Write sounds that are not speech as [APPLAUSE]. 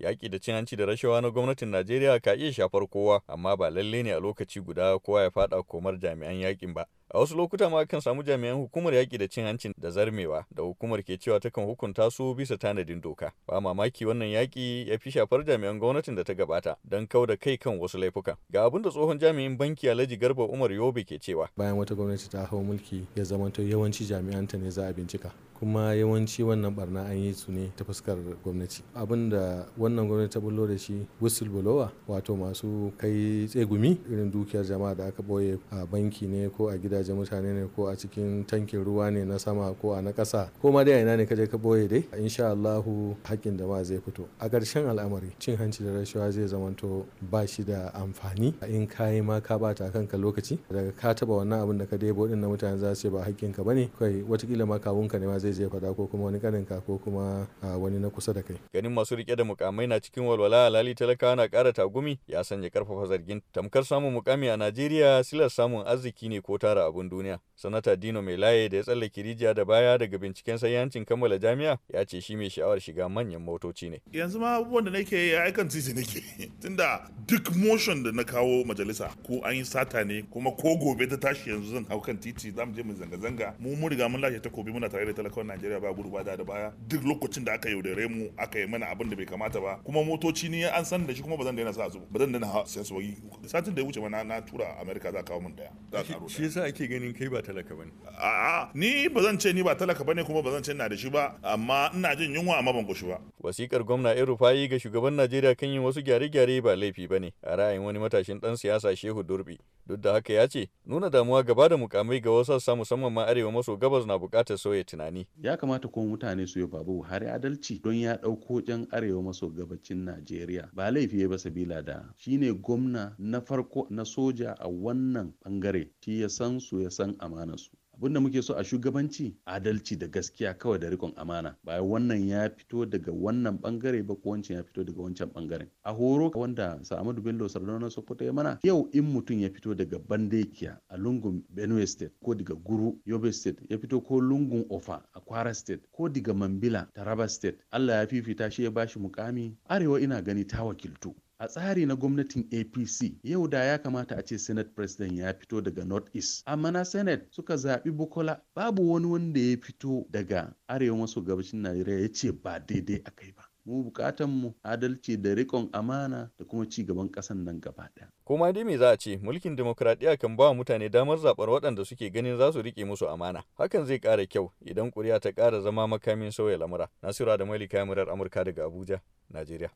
Yaƙi da cin hanci da rashawa na gwamnatin Najeriya ka iya shafar kowa, amma ba lalle ne a lokaci guda kowa ya faɗa komar jami'an yaƙin ba. A wasu lokuta ma kan samu jami'an hukumar yaƙi da cin hancin da zarmewa da hukumar ke cewa takan hukunta su bisa tanadin doka. Ba mamaki wannan yaƙi ya fi shafar jami'an gwamnatin da ta gabata don kau da kai kan wasu laifuka. Ga abin da tsohon jami'in banki Alhaji Garba Umar Yobe ke cewa. Bayan wata gwamnati ta hau mulki ya zamanto yawanci jami'anta ne za a bincika. kuma yawanci wannan barna an yi su ne ta fuskar gwamnati abin wannan gwamnati ta bullo da shi whistleblower wato masu kai tsegumi irin dukiyar jama'a da aka boye a banki ne ko a gida gidajen mutane ne ko a cikin tankin ruwa ne na sama ko a na ƙasa ko ma dai ina ne kaje ka boye dai a insha Allahu hakkin da ma zai fito a ƙarshen al'amari cin hanci da rashawa zai zamanto ba shi da amfani a in yi ma ka bata kanka lokaci daga ka taba wannan abin da ka debo din na mutane za su ce ba hakkin ka bane kai watakila ma kawun ka ne ma zai je faɗa ko kuma wani kanin ka ko kuma wani na kusa da kai ganin masu rike da mukamai na cikin walwala lali talakawa na ƙara tagumi ya sanya karfafa zargin tamkar samun mukami a Najeriya silar samun arziki ne ko tara abun duniya. Sanata Dino Mai Laye da ya tsallake rijiya da baya daga binciken sayyancin kammala jami'a ya ce shi mai sha'awar shiga manyan motoci ne. Yanzu ma abubuwan da nake ya aikan titi nake [LAUGHS] tunda duk motion da na kawo majalisa ko an yi sata ne kuma ko gobe ta tashi yanzu zan hau kan titi za mu je mu zanga-zanga mu mu riga mun lashe takobi muna tare da talakawan Najeriya ba gudu ba da baya duk lokacin da aka yaudare mu aka yi mana abin da bai kamata ba kuma motoci ni an san da shi kuma ba zan daina sa su ba zan daina sayan su satin da ya wuce mana na tura America za kawo mun daya kake ganin kai ba talaka bane a'a ni ba zan ce ni ba talaka bane kuma ba zan ce ina da shi ba amma ina jin yunwa amma ban kushi ba wasikar gwamna Eru Fayi ga shugaban Najeriya kan yin wasu gyare-gyare ba laifi bane a ra'ayin wani matashin dan siyasa Shehu Durbi duk da haka ya ce nuna damuwa gaba da mukamai ga wasu sassa musamman ma arewa maso gabas na bukatar sauya tunani ya kamata kuma mutane su yi babu buhari adalci don ya ɗauko jan arewa maso gabacin najeriya ba laifi ya ba sabila da shine gwamna na farko na soja a wannan bangare shi ya san su ya san amanarsu abin da muke so a shugabanci adalci da gaskiya kawai da rikon amana bayan wannan ya fito daga wannan bangare ba ko ya fito daga wancan bangaren a horo wanda Sa'amadu Bello Sardauna Sokoto ya mana yau in mutum ya fito daga Bandekiya a lungun Benue State ko daga Guru Yobe State ya fito ko lungun Ofa a Kwara State ko daga Mambila Taraba State Allah ya fifita shi ya bashi mukami arewa ina gani ta wakiltu a tsari na gwamnatin apc yau da ya kamata a ce senate president ya fito daga north east amma na senate suka zaɓi bukola babu wani wanda ya fito daga arewa maso gabashin najeriya ya ce ba daidai a kai ba mu bukatan mu adalci da rikon amana da kuma ci gaban kasan nan gaba ɗaya. dai me za a ce mulkin demokradiyya kan ba mutane damar zaɓar waɗanda suke ganin za su rike musu amana. Hakan zai kara kyau idan ƙuri'a ta ƙara zama makamin sauya lamura. Nasira da Malika Murar Amurka daga Abuja, Najeriya.